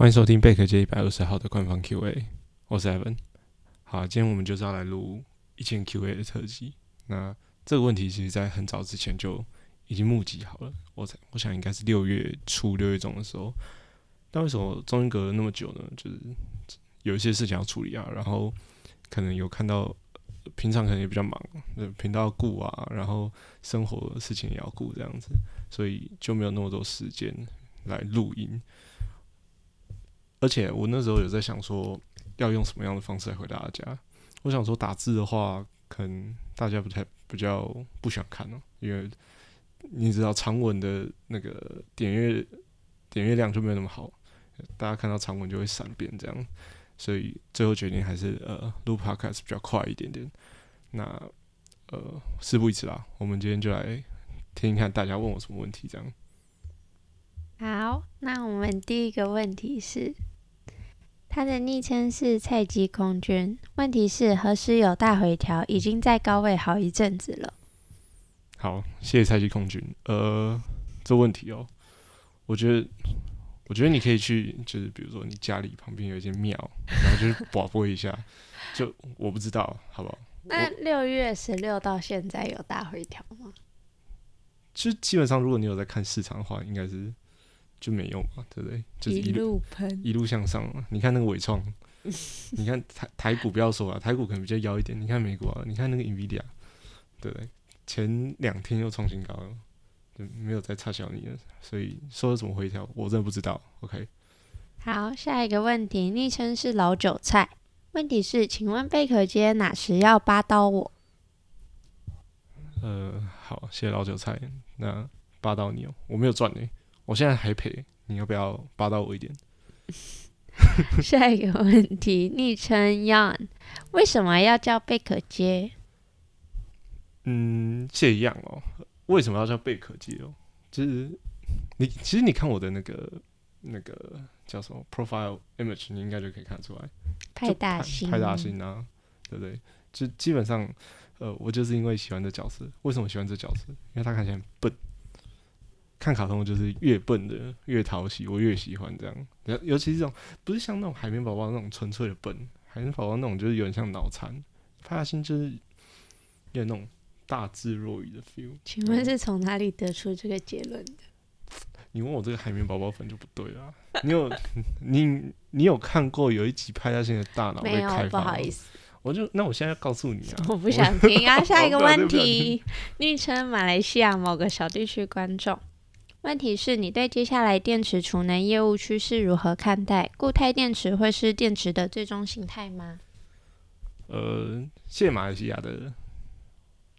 歡迎收聽貝殼街一百二十號的官方 Q&A，我是 Evan。好、啊，今天我們就是要來錄一千 Q&A 的特輯。那這個問題其實，在很早之前就已經募集好了。我我想應該是六月初、六月中的時候。但為什麼中間隔了那麼久呢？就是有一些事情要處理啊，然後可能有看到平常可能也比較忙，頻道要顧啊，然後生活事情也要顧，這樣子，所以就沒有那麼多時間來錄音。而且我那時候有在想說，要用什麼樣的方式來回答大家？我想說打字的話，可能大家不太比較不想看哦、喔，因為你知道長文的那個點閱點閱量就沒有那麼好，大家看到長文就會閃變這樣，所以最後決定還是呃錄 Podcast 比較快一點點。那呃事不宜遲啦，我們今天就來聽聽看大家問我什麼問題這樣。好，那我們第一個問題是。他的暱稱是菜雞空軍，問題是何時有大回調？已經在高位好一陣子了。好，謝謝菜雞空軍。呃，這問題哦，我覺得，我覺得你可以去，就是比如說你家裡旁邊有一間廟，然後就是廣播一下。 就我不知道，好不好？那六月十六到現在有大回調嗎？就基本上，如果你有在看市場的話，應該是。就沒用嘛，對不對？就是一路噴，一路向上嘛。你看那個偉創， 你看台台股不要說啊，台股可能比較妖一點。你看美股啊，你看那個 Nvidia，對不對？前兩天又創新高了，就沒有再插小你了。所以說了怎麼回調，我真的不知道。OK。好，下一個問題，昵稱是老韭菜，問題是，請問貝殼街哪時要扒刀我？呃，好，謝謝老韭菜。那扒刀你哦、喔，我沒有賺哎、欸。我現在還陪，你要不要霸到我一點？下一個問題，昵 稱 Yan，為什麼要叫貝殼街？嗯，這樣哦，為什麼要叫貝殼街哦？就是你其實你看我的那個那個叫什麼 profile image，你應該就可以看得出來，派大星，派大星啊，對不對？就基本上，呃，我就是因為喜歡這角色。為什麼喜歡這角色？因為他看起來很笨。看卡通就是越笨的越討喜，我越喜歡這樣。尤其是這種不是像那種海綿寶寶那種純粹的笨，海綿寶寶那種就是有點像腦殘。派大星就是有點那種大智若愚的 feel。請問是從哪裡得出這個結論的、嗯？你問我這個海綿寶寶粉就不對了、啊。你有 你你有看過有一集派大星的大腦被開發 沒有？不好意思，我就那我現在要告訴你啊，我不想聽啊。 下一個問題，昵 稱、哦、馬來西亞某個小地區觀眾。問題是，你對接下來電池儲能業務趨勢如何看待？固態電池會是電池的最終形態嗎？呃，謝謝馬來西亞的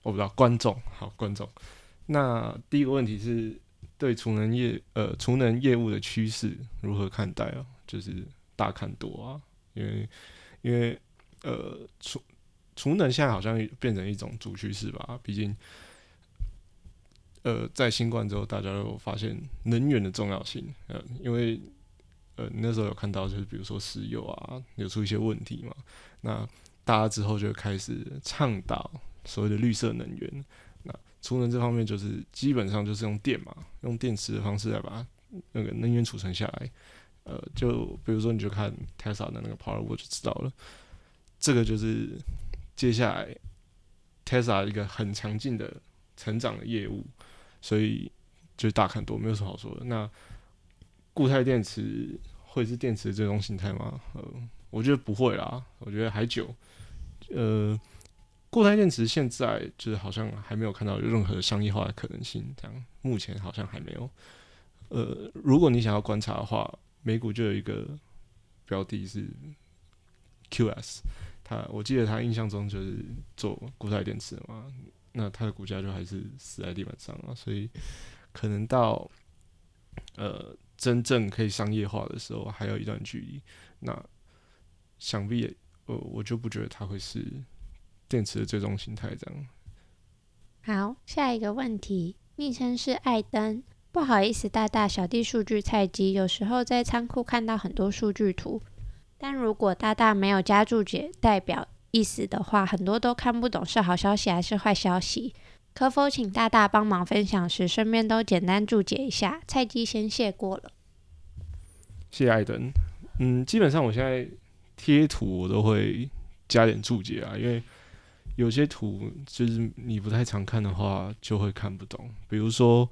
我不知道觀眾好觀眾。那第一個問題是，對儲能業呃儲能業務的趨勢如何看待哦，啊，就是大看多啊，因為因為呃儲儲能現在好像變成一種主趨勢吧，畢竟。呃，在新冠之後，大家有發現能源的重要性，呃，因為呃那時候有看到，就是比如說石油啊，有出一些問題嘛，那大家之後就開始倡導所謂的綠色能源。那儲能這方面，就是基本上就是用電嘛，用電池的方式來把那個能源儲存下來。呃，就比如說你就看 Tesla 的那個 Powerwall 就知道了，這個就是接下來 Tesla 一個很強勁的。成長的業務，所以就大看多，沒有什麼好說的。那固態電池會是電池的最終形態嗎？呃，我覺得不會啦。我覺得還久。呃，固態電池現在就是好像還沒有看到有任何商業化的可能性。這樣目前好像還沒有。呃，如果你想要觀察的話，美股就有一個標的是 QS，他我記得他印象中就是做固態電池的嘛。那它的股價就還是死在地板上了，所以可能到呃真正可以商業化的時候，還有一段距離。那想必也呃，我就不覺得它會是電池的最終形態這樣。好，下一個問題，昵稱是艾登。不好意思，大大小弟數據菜雞，有時候在倉庫看到很多數據圖，但如果大大沒有加注解，代表。意思的話，很多都看不懂，是好消息還是壞消息？可否請大大幫忙分享時，順便都簡單注解一下？菜雞先謝過了。謝謝愛登。嗯，基本上我現在貼圖我都會加點注解啊，因為有些圖就是你不太常看的話就會看不懂。比如說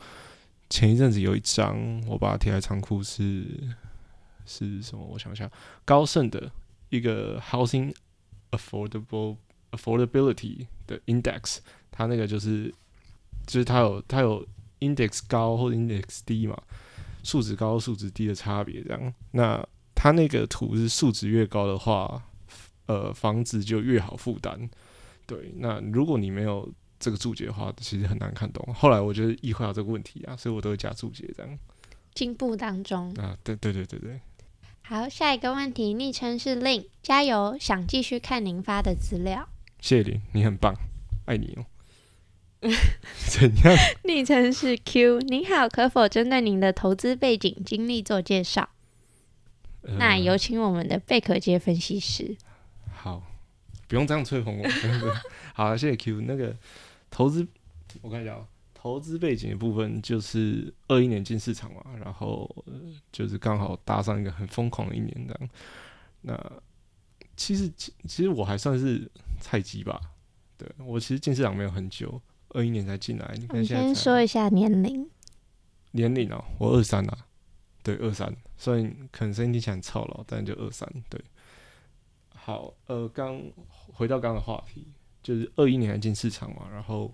前一陣子有一張我把它貼在倉庫是是什麼？我想想，高盛的一個 housing affordable affordability 的 index，它那個就是就是它有它有 index 高或者 index 低嘛，數值高數值低的差別這樣。那它那個圖是數值越高的話，呃，房子就越好負擔。對，那如果你沒有這個註解的話，其實很難看懂。後來我就是意會到這個問題啊，所以我都會加註解這樣。進步當中啊，對對對對對。好，下一個問題，昵稱是 Link，加油，想繼續看您發的資料。謝謝你，你很棒，愛你哦。 怎樣？昵稱是 Q，您好，可否針對您的投資背景經歷做介紹、呃？那有請我們的貝殼街分析師。好，不用這樣吹捧我。 好，謝謝 Q，那個投資，我看一下講、喔。投資背景的部分就是二一年進市場嘛，然後、呃、就是剛好搭上一個很瘋狂的一年這樣。那其實其實我還算是菜雞吧，對，我其實進市場沒有很久，二一年才進來。你先說一下年齡。年齡哦，我二三啊，對二三，23，所以可能聲音聽起來很操勞，但就二三對。好，呃，剛回到剛剛的話題，就是二一年進市場嘛，然後。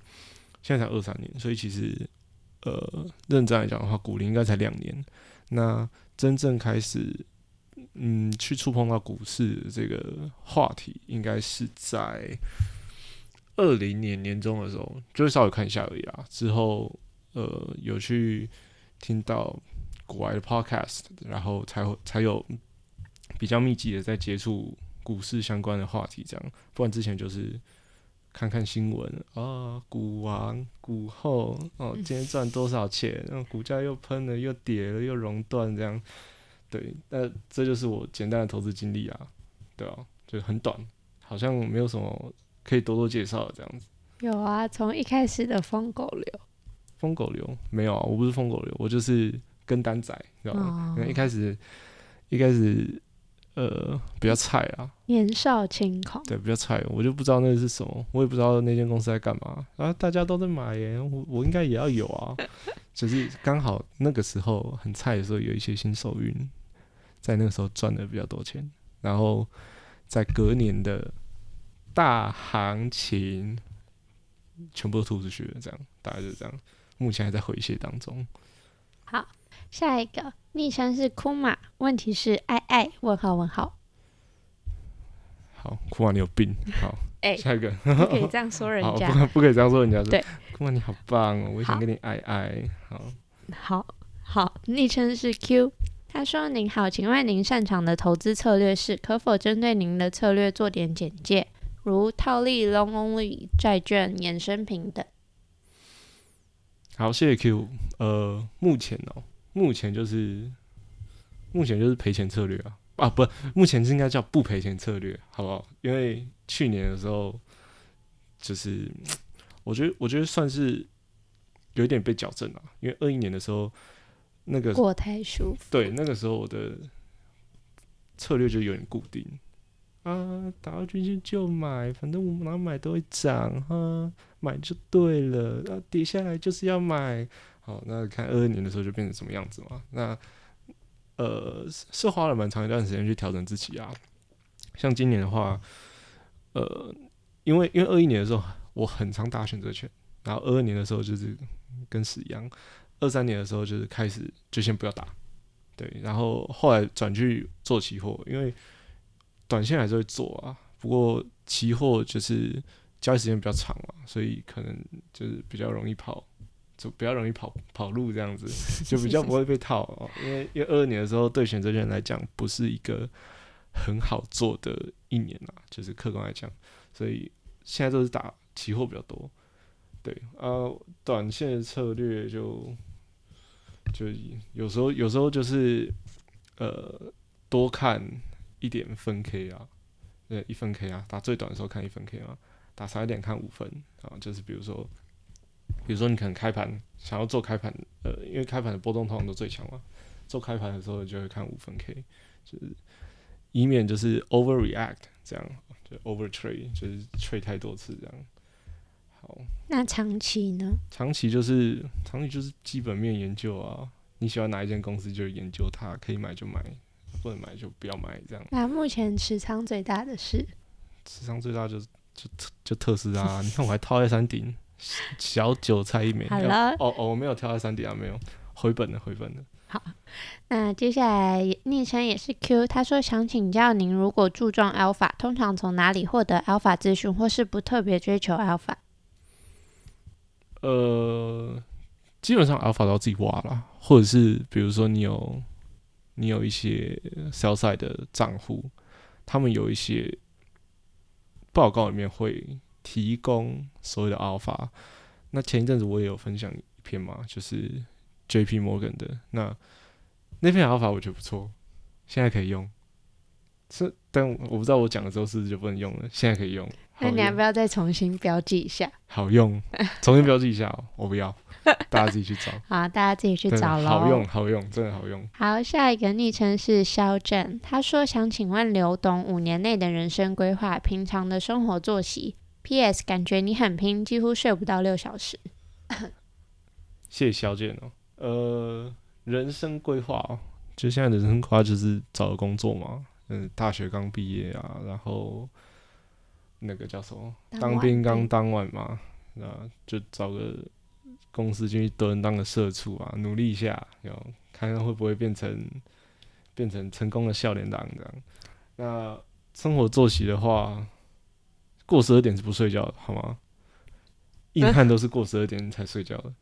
現在才二三年，所以其實，呃，認真來講的話，股齡應該才兩年。那真正開始，嗯，去觸碰到股市這個話題，應該是在二零年年中的時候，就稍微看一下而已啊。之後，呃，有去聽到國外的 podcast，然後才會才有比較密集的在接觸股市相關的話題，這樣。不然之前就是。看看新聞、哦、啊，股王、股後哦，今天賺多少錢？然、嗯、後、嗯、股價又噴了，又跌了，又熔斷，這樣。對，那這就是我簡單的投資經歷啊，對啊，就很短，好像沒有什麼可以多多介紹的這樣子。有啊，從一開始的瘋狗流，瘋狗流？沒有啊，我不是瘋狗流，我就是跟單仔，你知道嗎、哦？因為一開始，一開始。呃，比較菜啊，年少輕狂，對，比較菜。我就不知道那是什麼，我也不知道那間公司在幹嘛啊。大家都在買耶，我我應該也要有啊。只 是剛好那個時候很菜的時候，有一些新手運，在那個時候賺的比較多錢，然後在隔年的大行情，全部都吐出去了。這樣，大概就是這樣。目前還在回血當中。好，下一個。昵稱是酷馬，問題是愛愛問號問號，好酷馬你有病好哎、 欸、下一個不可以這樣說人家不可以這樣說人家,不可以這樣說人家對酷馬你好棒哦我想跟你愛愛好好好昵稱是 Q 他說您好請問您擅長的投資策略是可否針對您的策略做點簡介如套利 long only 債券衍生品等好謝謝 Q 呃目前哦。目前就是，目前就是賠錢策略啊啊！不，目前是應該叫不賠錢策略，好不好？因為去年的時候，就是我覺得，我覺得算是有點被矯正了。因為二一年的時候，那個過太舒服，對，那個時候我的策略就有點固定啊，打到均線就買，反正我哪買都會漲哈，買就對了啊，跌下來就是要買。好，那看二二年的時候就變成什麼樣子嘛？那呃是花了蠻長一段時間去調整自己啊。像今年的話，呃，因為因為二一年的時候我很常打選擇權，然後二二年的時候就是跟屎一樣，二三年的時候就是開始就先不要打，對，然後後來轉去做期貨，因為短線還是會做啊，不過期貨就是交易時間比較長嘛，所以可能就是比較容易跑。就比較容易跑跑路這樣子，就比較不會被套 哦。因為因為二二年的時候，對選擇權來講，不是一個很好做的一年啊。就是客觀來講。所以現在都是打期貨比較多。對，呃、啊，短線的策略就就有時候有時候就是呃多看一點分 K 啊，對、呃，一分 K 啊，打最短的時候看一分 K 啊，打少一點看五分啊，就是比如說。比如說，你可能開盤想要做開盤，呃，因為開盤的波動通常都最強嘛、啊。做開盤的時候就會看五分 K，就是以免就是 over react 這樣，就 over trade，就是 trade 太多次這樣。好，那長期呢？長期就是長期就是基本面研究啊。你喜歡哪一間公司就研究它，可以買就買，不能買就不要買這樣。那目前持倉最大的是？持倉最大就是就特就特斯拉、啊。 你看我還套在山頂。小韭菜一枚，好哦哦，我沒有跳到三底下、啊，沒有回本的，回本的。好，那接下來昵稱也是 Q，他說想請教您，如果注重 Alpha 通常從哪裡獲得 Alpha 資訊，或是不特別追求 Alpha？呃，基本上 Alpha 都要自己挖啦，或者是比如說你有你有一些 sell side 的賬戶，他們有一些報告裡面會。提供所有的阿爾法。那前一陣子我也有分享一篇嘛，就是 J P Morgan 的那那篇阿爾法，我覺得不錯，現在可以用。是，但我不知道我講了之後是不是就不能用了。現在可以用。用，那你要不要再重新標記一下？好用，重新標記一下哦。 我不要，大家自己去找。 好，大家自己去找了。好用，好用，真的好用。好，下一個昵稱是肖戰，他說想請問劉董五年內的人生規劃，平常的生活作息。P.S. 感覺你很拼，幾乎睡不到六小時。 謝謝小姐哦、喔。呃，人生規劃哦，就現在的人生規劃就是找個工作嘛。嗯，大學剛畢業啊，然後那個叫什麼，當兵剛當完嘛當晚，那就找個公司就去蹲當個社畜啊，努力一下，然後看看會不會變成變成成功的笑臉黨這樣。那生活作息的話。過十二點是不睡覺的，好嗎？硬漢都是過十二點才睡覺的。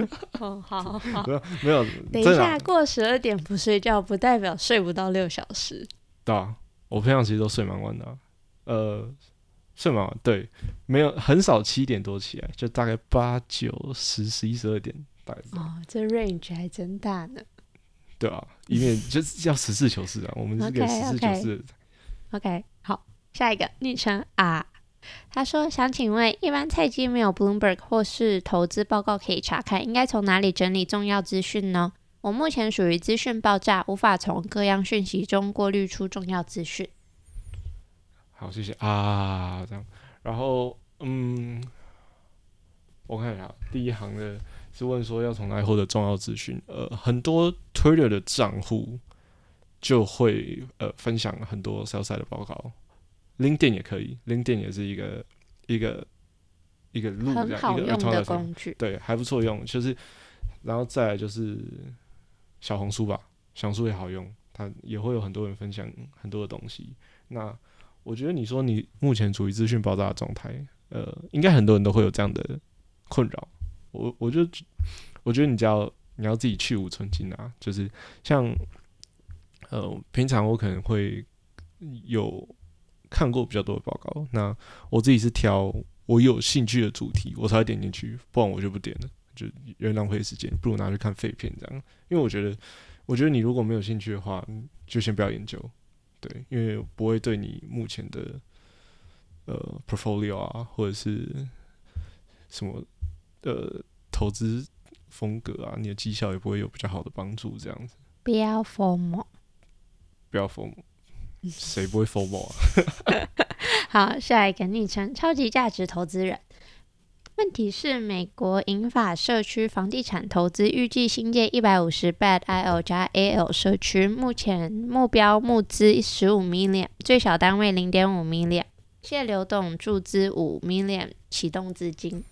嗯、 哦，好好。沒有 沒有。等一下，過十二點不睡覺，不代表睡不到六小時。對啊，我平常其實都睡蠻晚的、啊。呃，睡蠻晚，對，沒有很少七點多起來，就大概八九、十、十一、十二點，大概。哦，這 range 還真大呢。對啊，因為就是要實事求是啊， 我們是個實事求是。OK，好。下一個昵稱啊，他說想請問，一般菜雞沒有 Bloomberg 或是投資報告可以查看，應該從哪裡整理重要資訊呢？我目前屬於資訊爆炸，無法從各樣訊息中過濾出重要資訊。好，謝謝啊，這樣，然後嗯，我看一下第一行的是問說要從哪裡獲得重要資訊？呃，很多 Twitter 的賬戶就會呃分享很多 sell side 的報告。LinkedIn 也可以，LinkedIn 也是一個一個一個路，很好用的工具，對，還不錯用。就是，然後再來就是小紅書吧，小紅書也好用，它也會有很多人分享很多的東西。那我覺得你說你目前處於資訊爆炸的狀態，呃，應該很多人都會有這樣的困擾。我我就我覺得你只要你要自己去蕪存菁啊，就是像呃，平常我可能會有。看過比較多的報告，那我自己是挑我有興趣的主題，我才點進去，不然我就不點了，就有點浪費時間。不如拿去看廢片這樣，因為我覺得，我覺得你如果沒有興趣的話，就先不要研究，對，因為不會對你目前的呃 portfolio 啊，或者是什麼呃投資風格啊，你的績效也不會有比較好的幫助這樣子。不要 form，不要 form。誰不會 f o r m a 啊？ 好，下一個暱稱超級價值投資人。問題是，美國銀髮社區房地產投資預計新建一百五十 bad i l 加 a l 社區，目前目標募資十五 million，最小單位零點五 million。謝謝劉董注資五 million 啟動資金。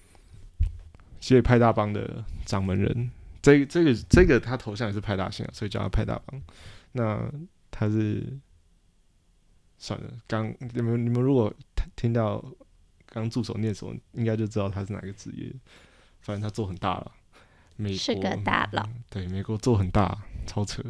謝謝派大幫的掌門人，這、這個、這個，這個、他頭像也是派大星啊，所以叫他派大幫。那他是。算了，剛你們你們如果聽到剛助手念什麼，應該就知道他是哪個職業。反正他做很大了，美國是個大佬，對美國做很大，超扯。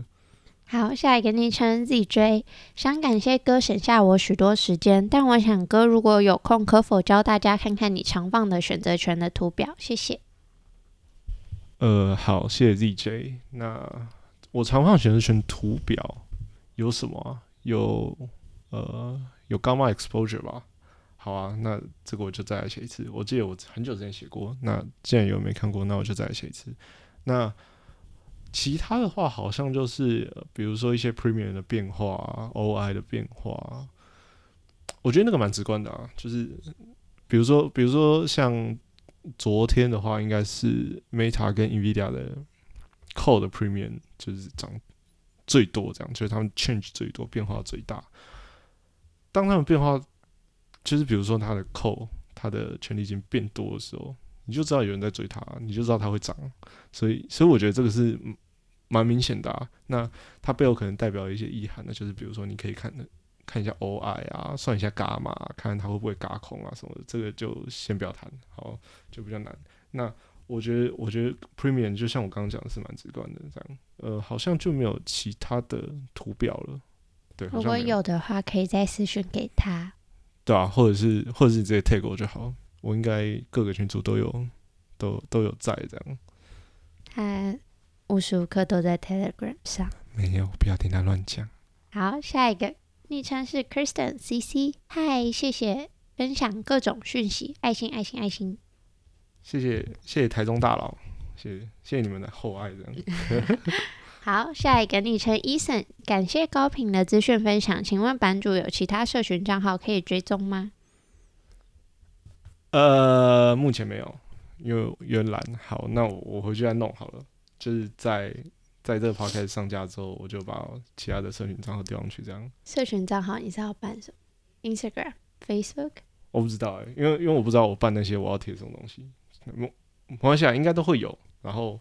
好，下一個昵稱 ZJ，想感謝哥省下我許多時間，但我想哥如果有空，可否教大家看看你常放的選擇權的圖表？謝謝。呃，好，謝謝 ZJ 那。那我常放選擇權圖表有什麼啊？有。呃，有伽馬 exposure 吧，好啊，那這個我就再來寫一次。我記得我很久之前寫過、嗯，那既然有沒看過，那我就再來寫一次。那其他的話，好像就是、呃、比如說一些 Premium 的變化，OI 的變化，我覺得那個蠻直觀的啊。就是比如說，比如說像昨天的話，應該是 Meta 跟 Nvidia 的 Call 的 Premium 就是漲最多，這樣就是他們 Change 最多，變化最大。當他們變化，就是比如說他的扣，他的權利金變多的時候，你就知道有人在追他，你就知道它會漲。所以，所以我覺得這個是蠻明顯的啊。那它背後可能代表一些意涵的，那就是比如說你可以看的看一下 OI 啊，算一下伽馬，看看它會不會嘎空啊什麼的。這個就先不要談，好，就比較難。那我覺得，我覺得 premium 就像我剛剛講的是蠻直觀的，這樣。呃，好像就沒有其他的圖表了。如果有的話，可以再私訊給他。對啊，或者是，或者是直接 tag 我就好。我應該各個群組都有，都都有在這樣。他無時無刻都在 Telegram 上，沒有，不要聽他亂講。好，下一個，昵稱是 Kristen C C。嗨，謝謝分享各種訊息，愛心，愛心，愛心。謝謝謝謝台中大佬，謝謝謝謝你們的厚愛，這樣。 好，下一個昵稱 Eason，感謝高屏的資訊分享。請問版主有其他社群賬號可以追蹤嗎？呃，目前沒有，因為原來好，那我我回去再弄好了。就是在在這個 Podcast 上架之後，我就把其他的社群賬號丟上去。這樣，社群賬號你是要辦什麼？Instagram、Facebook？我不知道哎、欸，因為因為我不知道我辦那些我要貼什麼東西。我想應該都會有，然後。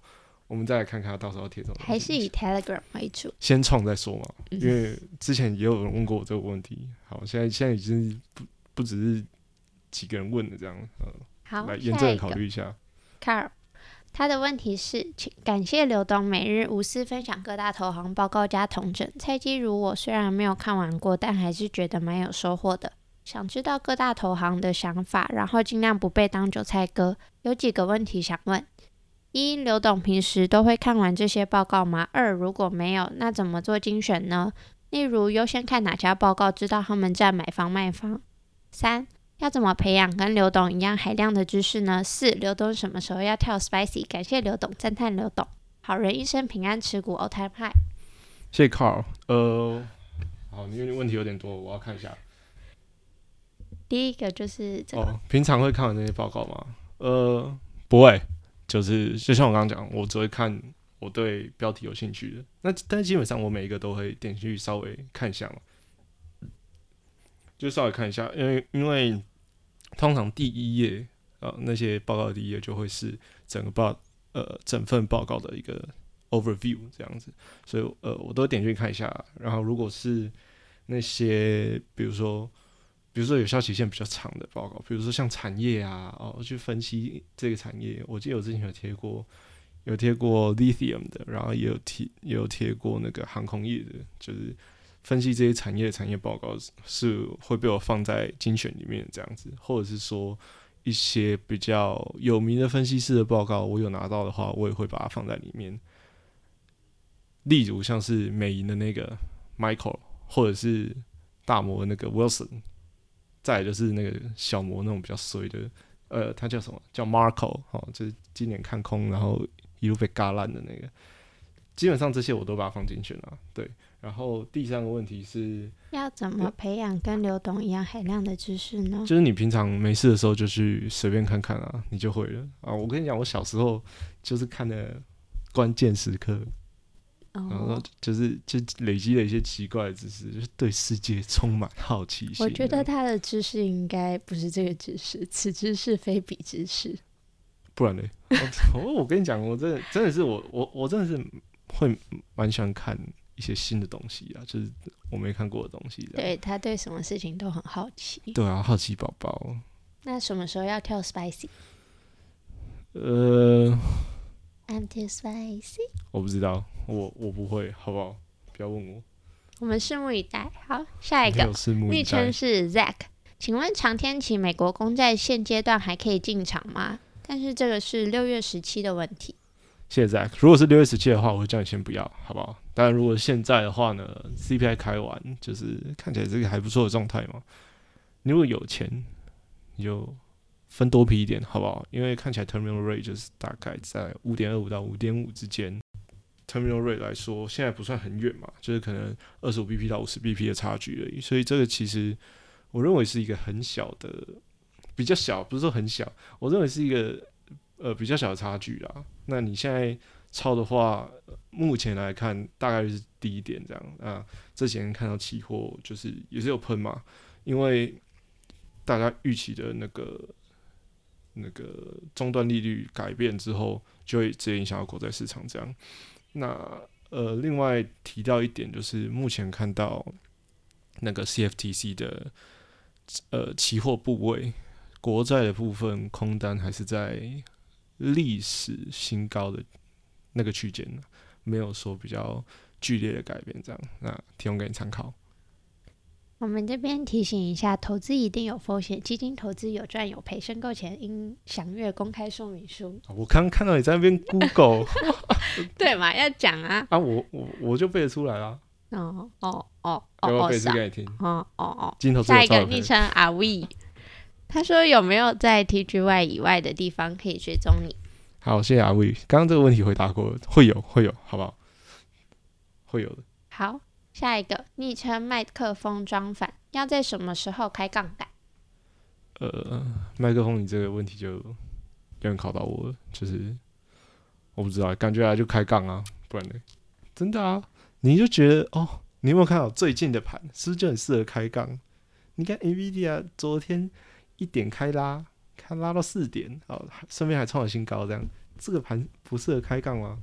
我們再來看看，到時候貼什麼？還是以 Telegram 為主。先創再說嘛，嗯，因為之前也有人問過我這個問題。好，現在現在已經不不只是幾個人問了，這樣，嗯，好，來嚴正考慮一下。Carl，他的問題是：請感謝劉東每日無私分享各大投行報告加統整。菜雞如我，雖然沒有看完過，但還是覺得蠻有收穫的。想知道各大投行的想法，然後儘量不被當韭菜割。有幾個問題想問。一、劉董平時都會看完這些報告嗎？二、如果沒有，那怎麼做精選呢？例如優先看哪家報告，知道他們在買房賣房。三、要怎麼培養跟劉董一樣海量的知識呢？四、劉董什麼時候要跳 Spicy？感謝劉董讚嘆董，劉董好人一生平安，持股 all time high。謝謝 Carl。呃，好，因為問題有點多，我要看一下。第一個就是這個，哦，平常會看完這些報告嗎？呃，不會。就是就像我剛剛講，我只會看我對標題有興趣的。那但基本上我每一個都會點進去稍微看一下，就稍微看一下，因為因為通常第一頁啊、呃、那些報告的第一頁就會是整個報呃整份報告的一個 overview 這樣子，所以呃我都點進去看一下。然後如果是那些比如說，比如說有效期限比較長的報告，比如說像產業啊，哦我去分析這個產業。我記得我之前有貼過，有貼過 Lithium 的，然後也有貼也有貼過那個航空業的，就是分析這些產業的產業報告是會被我放在精選裡面這樣子，或者是說一些比較有名的分析師的報告，我有拿到的話，我也會把它放在裡面。例如像是美銀的那個 Michael，或者是大摩的那個 Wilson。再就是那個小摩，那種比較衰的，呃，他叫什麼？叫 Marco，好、哦，就是今年看空，然後一路被嘎爛的那個。基本上這些我都把它放進去了，對。然後第三個問題是，要怎麼培養跟劉董一樣海量的知識呢、呃？就是你平常沒事的時候就去隨便看看啊，你就會了啊。我跟你講，我小時候就是看的《關鍵時刻》。然後就是就累積了一些奇怪的知識，就是對世界充滿好奇心。我覺得他的知識應該不是這個知識，此知識非彼知識。不然呢？ 我我跟你講，我真的真的是我我我真的是會蠻喜歡看一些新的東西啊，就是我沒看過的東西。對，他對什麼事情都很好奇。對啊，好奇寶寶。那什麼時候要跳 spicy？呃。I'm too spicy. 我不知道，我我不會，好不好？不要問我。我們拭目以待。好，下一個昵稱是 Zack，請問長天期美國公債現階段還可以進場嗎？但是這個是六月十七的問題。謝謝 Zack，如果是六月十七的話，我會叫你先不要，好不好？當然，如果現在的話呢，CPI 開完，就是看起來這個還不錯的狀態嘛。你如果有錢，你就。分多批一點，好不好？因為看起來 terminal rate 就是大概在五點二五到五點五之間。terminal rate 來說，現在不算很遠嘛，就是可能二十五 BP 到五十 BP 的差距而已。所以這個其實我認為是一個很小的，比較小，不是說很小，我認為是一個呃比較小的差距啦。那你現在抄的話，目前來看大概是低一點這樣啊。那之前看到期貨就是也是有噴嘛，因為大家預期的那個。那個終端利率改變之後，就會直接影響到國債市場。這樣，那呃，另外提到一點，就是目前看到那個 CFTC 的呃期貨部位國債的部分空單還是在歷史新高的那個區間，沒有說比較劇烈的改變。這樣，那提供給你參考。我們這邊提醒一下，投資一定有風險，基金投資有賺有賠，申購前應詳閱公開說明書。我剛看到你在那邊 Google 對嘛？要講啊！啊，我我我就背得出來啊！哦哦哦，給、哦、我背字給、哦、你聽。哦哦哦，鏡、哦、頭下一個昵稱阿威，他說有沒有在 T G Y 以外的地方可以追蹤你？好，謝謝阿威，剛剛這個問題回答過了，會有會有，好不好？會有的。好。下一個昵稱麥克風裝反，要在什麼時候開槓桿？呃，麥克風，你這個問題就有點考到我了，就是我不知道，感覺啊就開槓啊，不然呢？真的啊，你就覺得哦，你有沒有看到最近的盤是不是就很適合開槓？你看 A B D 啊，昨天一點開拉，開拉到四點，哦，順便還創了新高這，這樣這個盤不適合開槓嗎？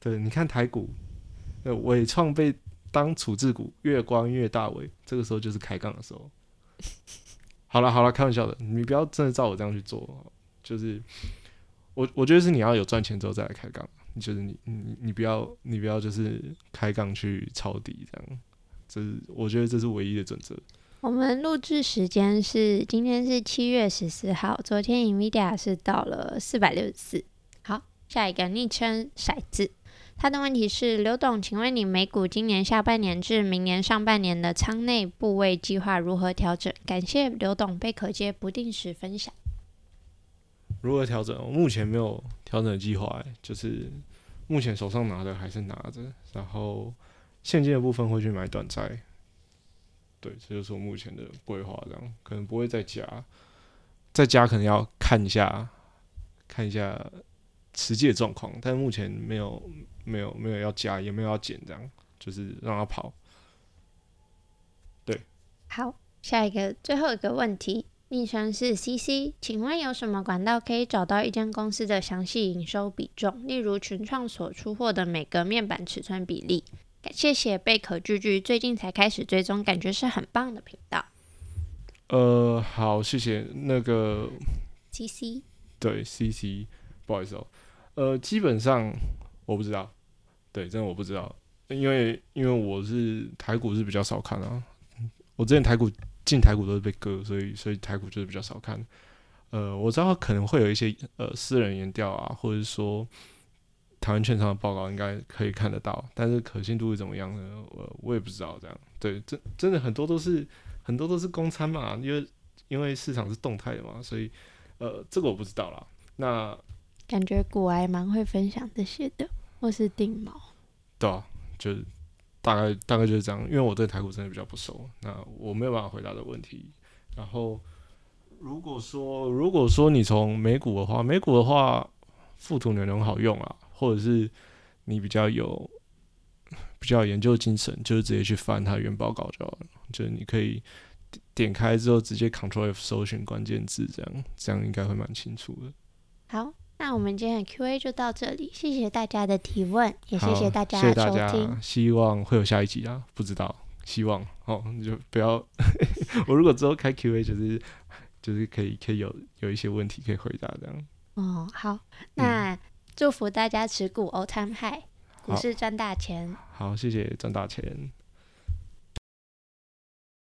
對，你看台股，呃，偉創被。當處置股越光越大尾，這個時候就是開槓的時候。 好了好了，開玩笑的，你不要真的照我這樣去做。就是我我覺得是你要有賺錢之後再來開槓，就是你你你不要你不要就是開槓去抄底這樣，這是我覺得這是唯一的準則。我們錄製時間是今天是七月十四號，昨天 NVIDIA 是到了四百六十四。好，下一個昵稱骰子。他的問題是：劉董，請問你美股今年下半年至明年上半年的倉內部位計劃如何調整？感謝劉董貝殼街不定時分享。如何調整？我目前沒有調整計劃，欸，就是目前手上拿的還是拿着，然後現金的部分會去買短債。對，這就是我目前的規劃，這樣可能不會再加，再加可能要看一下，看一下實際的狀況，但目前沒有。沒有沒有要加，也沒有要減。這樣就是讓他跑。對，好，下一個最後一個問題，昵稱是 CC，請問有什麼管道，可以找到一間公司的詳細營收比重？例如群創所出貨的每個面板尺寸比例？謝謝貝殼巨巨，最近才開始追蹤，感覺是很棒的頻道。呃，好，謝謝那個 CC，對 CC，不好意思哦，呃，基本上。我不知道，對，真的我不知道，因為因為我是台股是比較少看啊，我之前台股進台股都是被割，所以所以台股就是比較少看，呃，我知道可能會有一些呃私人言調啊，或者說台灣券商的報告應該可以看得到，但是可信度會怎麼樣呢？我我也不知道這樣，對，真真的很多都是很多都是供參嘛，因為因為市場是動態的嘛，所以呃，這個我不知道啦，那。感覺股癌蠻會分享這些的，或是定錨，對啊，就大概大概就是這樣。因為我對台股真的比較不熟，那我沒有辦法回答的問題。然後如果說如果說你從美股的話，美股的話，富途牛牛好用啊，或者是你比較有比較有研究精神，就是直接去翻它原報告就好了。就是你可以點開之後直接 Control F 搜尋關鍵字這，這樣這樣應該會蠻清楚的。好。那我們今天的 Q&A 就到這裡，謝謝大家的提問，也謝謝大家的收聽。謝謝大家。希望會有下一集啊，不知道，希望哦。你就不要， 我如果之後開 Q&A，就是就是可以可以有有一些問題可以回答這樣。哦，好，那祝福大家持股、嗯、All Time High，股市賺大錢。好，好謝謝，賺大錢。